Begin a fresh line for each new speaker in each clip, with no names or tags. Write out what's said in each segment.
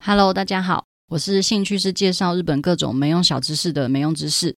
哈嘍，Hello, 大家好，我是興趣是介紹日本各種沒用小知識的沒用知識。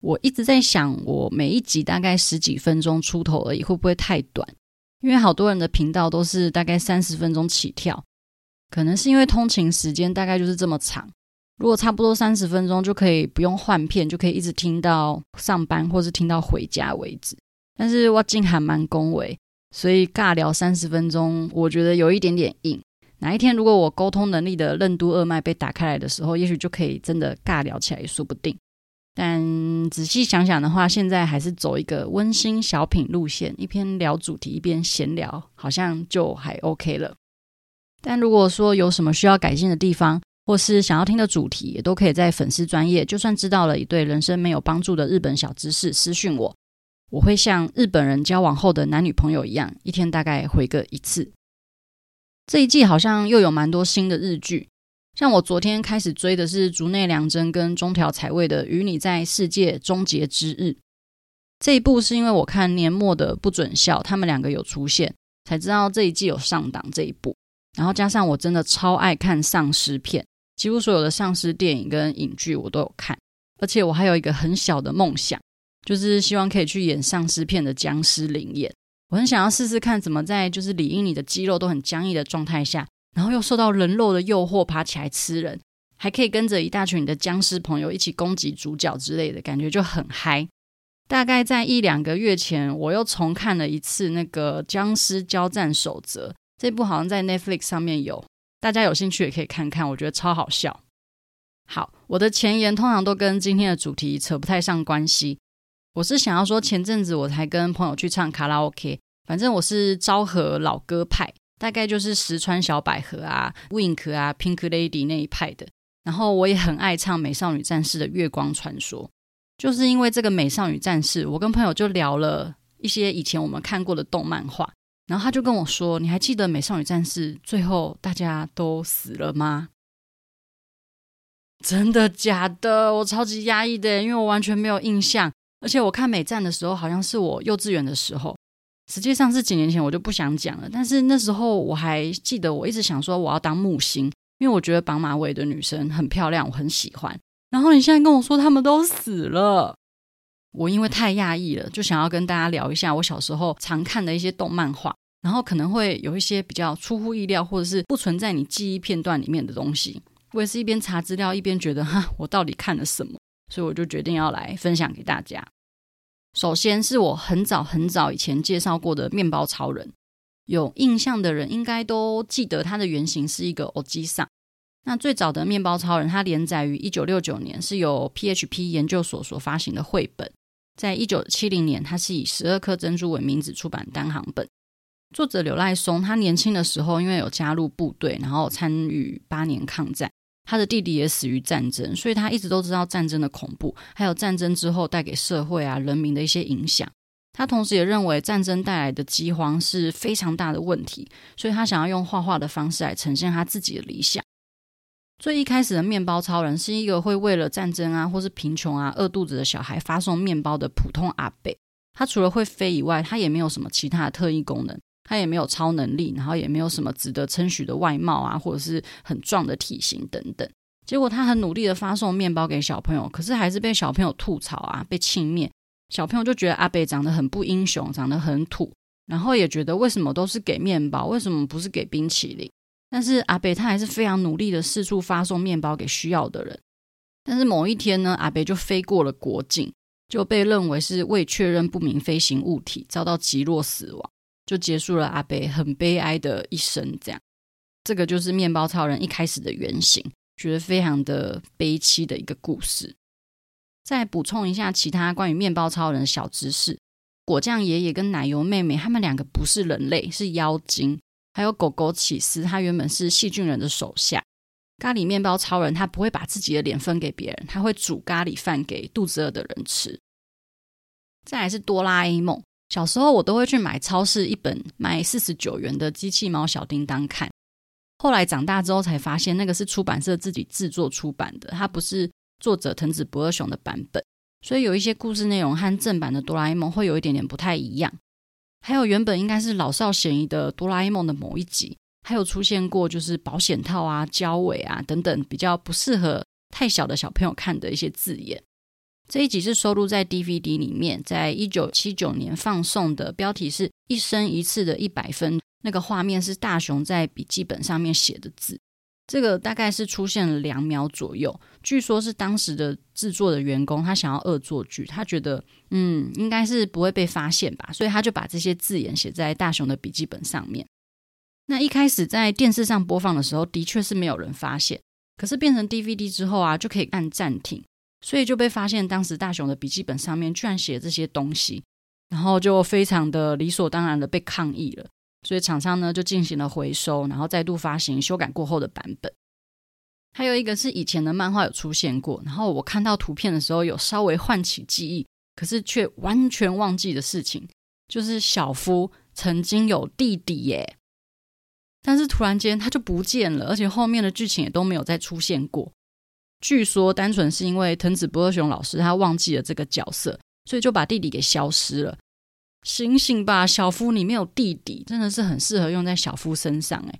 我一直在想，我每一集大概十幾分鐘出頭而已，會不會太短？因為好多人的頻道都是大概三十分鐘起跳，可能是因為通勤時間大概就是這麼長。如果差不多三十分鐘就可以不用換片，就可以一直聽到上班或是聽到回家為止。但是哇，靜還蠻恭維，所以尬聊三十分鐘，我覺得有一點點硬。哪一天如果我溝通能力的任督二脈被打開來的時候，也許就可以真的尬聊起來也說不定。但仔細想想的話，現在還是走一個溫馨小品路線，一邊聊主題一邊閒聊，好像就還 OK 了。但如果說有什麼需要改進的地方，或是想要聽的主題，也都可以在粉絲專頁，就算知道了一對人生沒有幫助的日本小知識，私訊我，我會像日本人交往後的男女朋友一樣，一天大概回個一次。這一季好像又有蠻多新的日劇，像我昨天開始追的是竹內涼真跟中條彩未的《與你在世界終結之日》，這一部是因為我看年末的不准笑，他們兩個有出現，才知道這一季有上檔這一部。然後加上我真的超愛看喪屍片，幾乎所有的喪屍電影跟影劇我都有看，而且我還有一個很小的夢想，就是希望可以去演喪屍片的僵屍臨演。我很想要試試看怎麼在就是理應你的肌肉都很僵硬的狀態下，然後又受到人肉的誘惑爬起來吃人，還可以跟着一大群你的僵屍朋友一起攻擊主角之類的感覺就很嗨。大概在一兩個月前，我又重看了一次那個《僵屍交戰守則》，這部好像在 Netflix 上面有，大家有興趣也可以看看，我覺得超好笑。好，我的前言通常都跟今天的主題扯不太上關係。我是想要說，前陣子我才跟朋友去唱卡拉 OK，反正我是昭和老歌派，大概就是石川小百合啊、WINK 啊、Pink Lady 那一派的。然後我也很愛唱《美少女戰士》的《月光傳說》，就是因為這個《美少女戰士》，我跟朋友就聊了一些以前我們看過的動漫畫，然後他就跟我說：“你還記得《美少女戰士》最後大家都死了嗎？”真的假的？我超級壓抑的，因為我完全沒有印象。而且我看美戰的時候，好像是我幼稚園的時候，實際上是幾年前我就不想講了。但是那時候我還記得，我一直想說我要當木星，因為我覺得綁馬尾的女生很漂亮，我很喜歡。然後你現在跟我說他們都死了，我因為太訝異了，就想要跟大家聊一下我小時候常看的一些動漫畫，然後可能會有一些比較出乎意料，或者是不存在你記憶片段裡面的東西。我也是一邊查資料一邊覺得，哈，我到底看了什麼？所以我就決定要來分享給大家。首先是我很早很早以前介紹過的麵包超人，有印象的人應該都記得他的原型是一個歐吉桑。那最早的麵包超人，它連載於一九六九年，是由 PHP 研究所所發行的繪本。在一九七零年，它是以十二顆珍珠為名字出版單行本。作者柳瀨嵩，他年輕的時候因為有加入部隊，然後參與八年抗戰。他的弟弟也死於戰爭，所以他一直都知道戰爭的恐怖，還有戰爭之後帶給社會啊、人民的一些影響。他同時也認為戰爭帶來的饑荒是非常大的問題，所以他想要用畫畫的方式來呈現他自己的理想。最一開始的麵包超人是一個會為了戰爭啊，或是貧窮啊、餓肚子的小孩發送麵包的普通阿伯。他除了會飛以外，他也沒有什麼其他的特異功能。他也沒有超能力，然後也沒有什麼值得稱許的外貌啊，或者是很壯的體型等等。結果他很努力的發送麵包給小朋友，可是還是被小朋友吐槽啊，被輕蔑。小朋友就覺得阿北長得很不英雄，長得很土，然後也覺得為什麼都是給麵包，為什麼不是給冰淇淋？但是阿北他還是非常努力的四處發送麵包給需要的人。但是某一天呢，阿北就飛過了國境，就被認為是未確認不明飛行物體，遭到擊落死亡。就結束了，阿北很悲哀的一生。這樣，這個就是面包超人一開始的原型，覺得非常的悲凄的一個故事。再補充一下其他關於面包超人的小知識：果醬爺爺跟奶油妹妹他們兩個不是人類，是妖精。還有狗狗起司，他原本是細菌人的手下。咖喱面包超人他不會把自己的臉分給別人，他會煮咖喱飯給肚子餓的人吃。再來是哆啦 A 夢。小時候我都會去買超市一本賣四十九元的《機器貓小叮當》看，後來長大之後才發現那個是出版社自己製作出版的，它不是作者藤子不二雄的版本，所以有一些故事內容和正版的哆啦 A 夢會有一點點不太一樣，還有原本應該是老少咸宜的哆啦 A 夢的某一集，還有出現過就是保險套啊、交尾啊等等比較不適合太小的小朋友看的一些字眼。這一集是收錄在 DVD 裡面，在一九七九年放送的，標題是《一生一次的一百分》。那個畫面是大雄在筆記本上面寫的字，這個大概是出現了兩秒左右。據說是當時的製作的員工，他想要惡作劇，他覺得嗯應該是不會被發現吧，所以他就把這些字眼寫在大雄的筆記本上面。那一開始在電視上播放的時候，的確是沒有人發現，可是變成 DVD 之後啊，就可以按暫停。所以就被發現，當時大雄的筆記本上面居然寫這些東西，然後就非常的理所當然的被抗議了。所以廠商呢，就進行了回收，然後再度發行修改過後的版本。還有一個是以前的漫畫有出現過，然後我看到圖片的時候有稍微喚起記憶，可是卻完全忘記的事情，就是小夫曾經有弟弟耶，但是突然間他就不見了，而且後面的劇情也都沒有再出現過。據說，單純是因為藤子不二雄老師他忘記了這個角色，所以就把弟弟給消失了。醒醒吧，小夫，你沒有弟弟，真的是很適合用在小夫身上哎。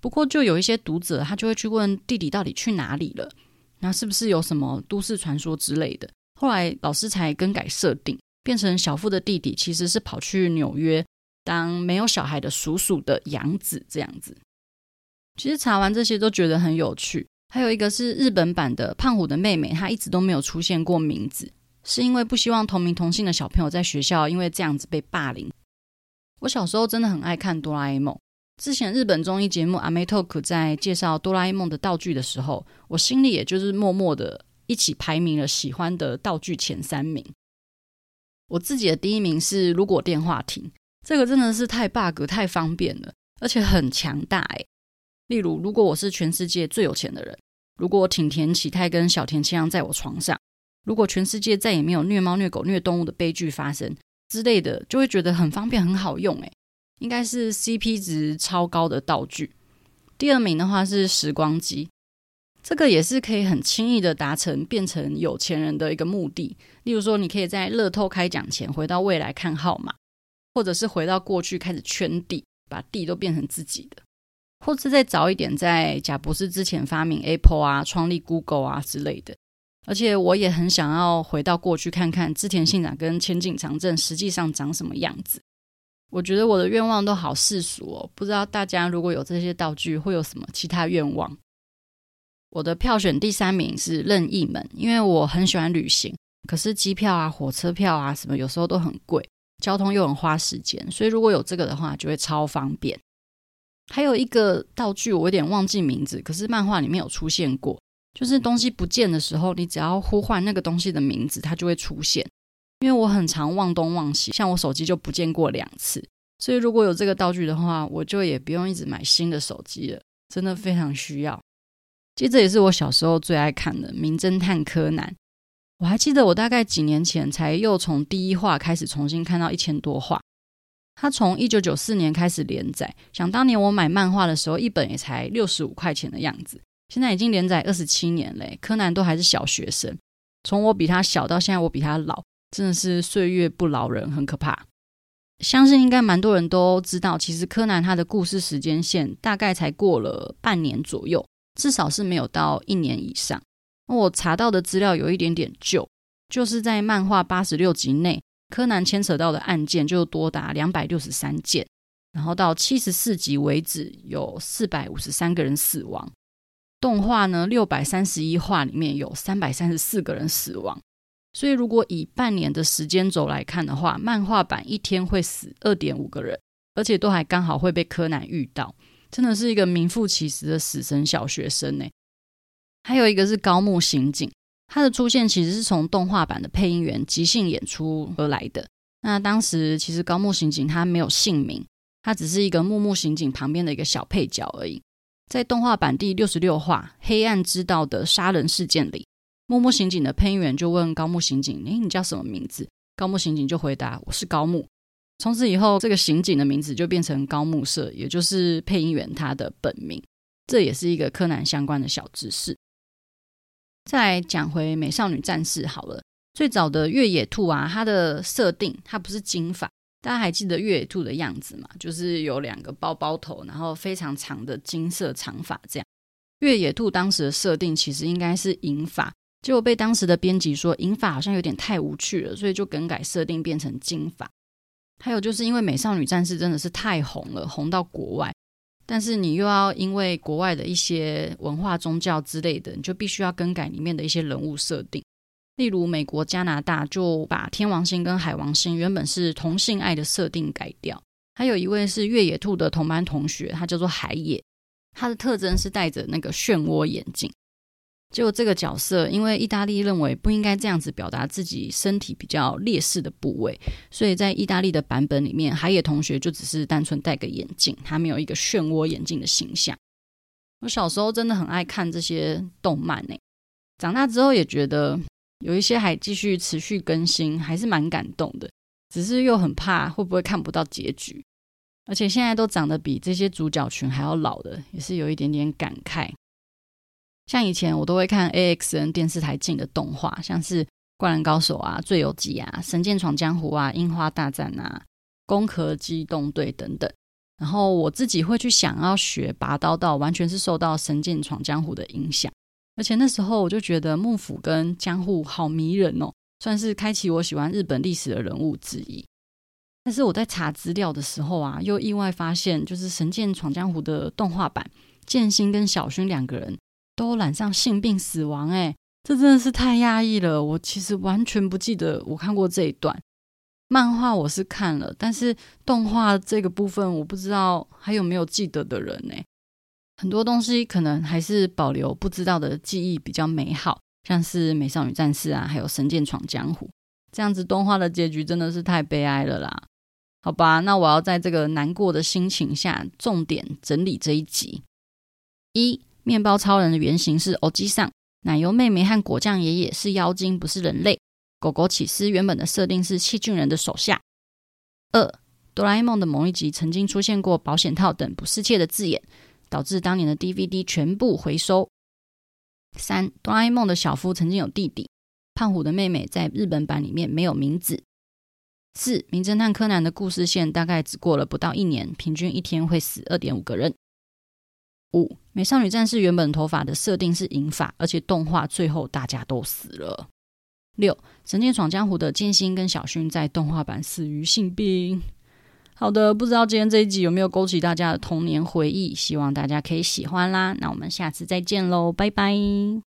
不過，就有一些讀者他就會去問弟弟到底去哪裡了，那是不是有什麼都市傳說之類的？後來老師才更改設定，變成小夫的弟弟其實是跑去紐約當沒有小孩的叔叔的養子這樣子。其實查完這些都覺得很有趣。還有一個是日本版的胖虎的妹妹，她一直都沒有出現過名字，是因為不希望同名同姓的小朋友在學校因為這樣子被霸凌。我小時候真的很愛看哆啦 A 夢。之前日本綜藝節目阿梅特可在介紹哆啦 A 夢的道具的時候，我心裡也就是默默的一起排名了喜歡的道具前三名。我自己的第一名是如果電話亭，這個真的是太 bug，太方便了，而且很強大哎。例如，如果我是全世界最有錢的人，如果挺田啟泰跟小田切讓在我床上，如果全世界再也沒有虐貓虐狗虐動物的悲劇發生之類的，就會覺得很方便，很好用，誒。應該是 CP 值超高的道具。第二名的話是時光機，這個也是可以很輕易的達成變成有錢人的一個目的。例如說，你可以在樂透開獎前回到未來看號碼，或者是回到過去開始圈地，把地都變成自己的。或者再早一點，在賈博士之前發明 Apple 啊、創立 Google 啊之類的。而且我也很想要回到過去看看，織田信長跟淺井長政實際上長什麼樣子。我覺得我的願望都好世俗哦，不知道大家如果有這些道具，會有什麼其他願望？我的票選第三名是任意門，因為我很喜歡旅行，可是機票啊、火車票啊什麼有時候都很貴，交通又很花時間，所以如果有這個的話，就會超方便。還有一個道具，我有點忘記名字，可是漫畫裡面有出現過，就是東西不見的時候，你只要呼喚那個東西的名字，它就會出現。因為我很常忘東忘西，像我手機就不見過兩次，所以如果有這個道具的話，我就也不用一直買新的手機了，真的非常需要。接着也是我小時候最愛看的《名偵探柯南》，我還記得我大概幾年前才又從第一話開始重新看到一千多話。他從一九九四年開始連載，想當年我買漫畫的時候，一本也才六十五塊錢的樣子。現在已經連載二十七年嘞，柯南都還是小學生。從我比他小到現在，我比他老，真的是歲月不饒人，很可怕。相信應該蠻多人都知道，其實柯南他的故事時間線大概才過了半年左右，至少是沒有到一年以上。我查到的資料有一點點舊，就是在漫畫八十六集內。柯南牽扯到的案件就多達兩百六十三件，然後到七十四集為止有四百五十三個人死亡。動畫呢，六百三十一話裡面有三百三十四個人死亡。所以如果以半年的時間軸來看的話，漫畫版一天會死二點五個人，而且都還剛好會被柯南遇到，真的是一個名副其實的死神小學生呢。還有一個是高木刑警。他的出現其實是從動畫版的配音員即興演出而來的。那當時其實高木刑警他沒有姓名，他只是一個木木刑警旁邊的一個小配角而已。在動畫版第六十六話《黑暗之道》的殺人事件裡，木木刑警的配音員就問高木刑警：“欸，你叫什麼名字？”高木刑警就回答：“我是高木。”從此以後，這個刑警的名字就變成高木涉，也就是配音員他的本名。這也是一個柯南相關的小知識。再來講回美少女戰士好了，最早的月野兔啊，它的設定，它不是金髮，大家還記得月野兔的樣子嗎？就是有兩個包包頭，然後非常長的金色長髮這樣。月野兔當時的設定其實應該是銀髮，結果被當時的編輯說銀髮好像有點太無趣了，所以就更改設定變成金髮。還有就是因為美少女戰士真的是太紅了，紅到國外。但是你又要因為國外的一些文化、宗教之類的，你就必須要更改裡面的一些人物設定。例如美國、加拿大就把天王星跟海王星原本是同性愛的設定改掉。還有一位是月野兔的同班同學，他叫做海野，他的特徵是戴着那個漩渦眼鏡。就這個角色，因為意大利認為不應該這樣子表達自己身體比較劣勢的部位，所以在意大利的版本裡面，海野同學就只是單純戴個眼鏡，他沒有一個漩渦眼鏡的形象。我小時候真的很愛看這些動漫耶，長大之後也覺得有一些還繼續持續更新，還是蠻感動的。只是又很怕會不會看不到結局，而且現在都長得比這些主角群還要老的，也是有一點點感慨。像以前我都會看 A X N 電視台進的動畫，像是《灌籃高手》啊、《最遊記》啊、《神劍闖江湖》啊、《櫻花大戰》啊、《攻殼機動隊》等等。然後我自己會去想要學拔刀道，完全是受到《神劍闖江湖》的影響。而且那時候我就覺得幕府跟江戶好迷人哦，算是開啟我喜歡日本歷史的人物之一。但是我在查資料的時候啊，又意外發現，就是《神劍闖江湖》的動畫版，劍心跟小薰兩個人。都染上性病死亡，哎、欸，這真的是太壓抑了。我其實完全不記得我看過這一段漫畫，我是看了，但是動畫這個部分我不知道還有沒有記得的人呢、欸。很多東西可能還是保留不知道的記憶比較美好，像是《美少女戰士》啊，還有《神劍闖江湖》這樣子動畫的結局真的是太悲哀了啦。好吧，那我要在這個難過的心情下重點整理這一集一、麵包超人的原型是歐吉桑，奶油妹妹和果醬爺爺是妖精，不是人類。狗狗起司原本的設定是細菌人的手下。二，哆啦 A 夢的某一集曾經出現過保險套等不適切的字眼，導致當年的 DVD 全部回收。三，哆啦 A 夢的小夫曾經有弟弟，胖虎的妹妹在日本版裡面沒有名字。四，名偵探柯南的故事線大概只過了不到一年，平均一天會死二點五個人。五、美少女戰士原本頭髮的設定是銀髮，而且動畫最後大家都死了。六、神劍闖江湖的劍心跟小薰在動畫版死於性病。好的，不知道今天這一集有沒有勾起大家的童年回憶，希望大家可以喜歡啦。那我們下次再見嘍，拜拜。